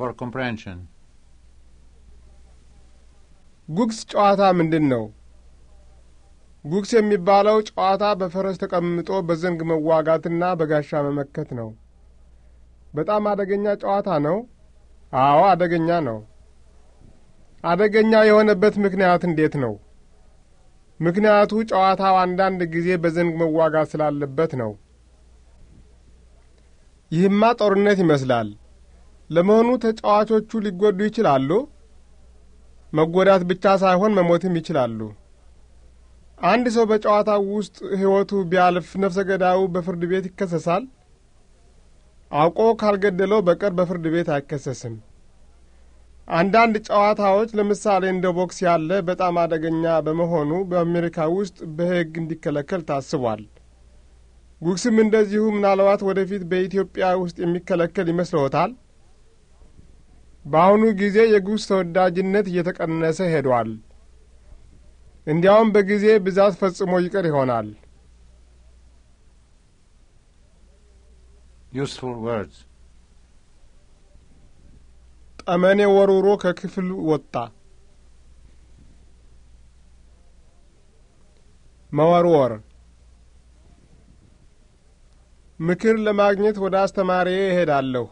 for comprehension. ጉግስ ጨዋታ ምንድን ነው? ጉግስ የሚባለው ጨዋታ በፈረስ ተቀምጦ በዘንግ መዋጋትና በጋሻ መመከት ነው። በጣም አደገኛ ጨዋታ ነው። አዎ አደገኛ ነው። አደገኛ የሆነበት ምክንያት እንዴት ነው? ምክንያቱ ጨዋታው አንዳንድ ጊዜ በዘንግ መዋጋት ስላለበት ነው። ይህማ ጦርነት ይመስላል። ለመሆኑ ተጫዋቾቹ ሊጎዱ ይችላሉ? መጎዳት ብቻ ሳይሆን መሞትም ይችላሉ። አንድ ሰው በጨዋታው ውስጥ ሕይወቱ ቢያልፍ ነፍሰ ገዳዩ በፍርድ ቤት ይከሰሳል? አውቆ ካልገደለው በቀር በፍርድ ቤት አይከሰስም። አንዳንድ ጨዋታዎች ለምሳሌ እንደ ቦክስ ያለ በጣም አደገኛ በመሆኑ በአሜሪካ ውስጥ በሕግ እንዲከለከል ታስቧል። ጉግስም እንደዚሁ ምናልባት ወደፊት በኢትዮጵያ ውስጥ የሚከለከል ይመስልዎታል? በአሁኑ ጊዜ የጉስ ተወዳጅነት እየተቀነሰ ሄዷል። እንዲያውም በጊዜ ብዛት ፈጽሞ ይቀር ይሆናል። ጠመኔ ወርውሮ ከክፍል ወጣ። መወርወር ምክር ለማግኘት ወደ አስተማሪዬ እሄዳለሁ።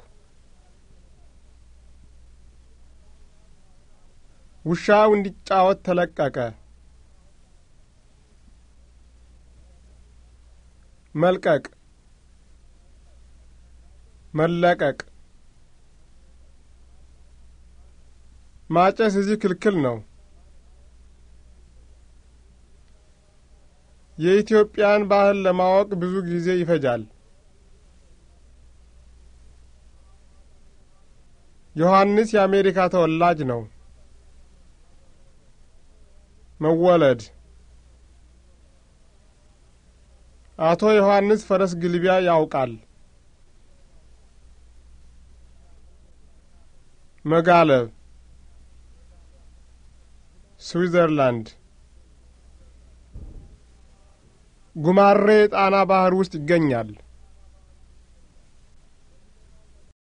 ውሻው እንዲጫወት ተለቀቀ። መልቀቅ መለቀቅ ማጨስ እዚህ ክልክል ነው። የኢትዮጵያን ባህል ለማወቅ ብዙ ጊዜ ይፈጃል። ዮሐንስ የአሜሪካ ተወላጅ ነው። መወለድ አቶ ዮሐንስ ፈረስ ግልቢያ ያውቃል። መጋለብ ስዊዘርላንድ። ጉማሬ ጣና ባህር ውስጥ ይገኛል።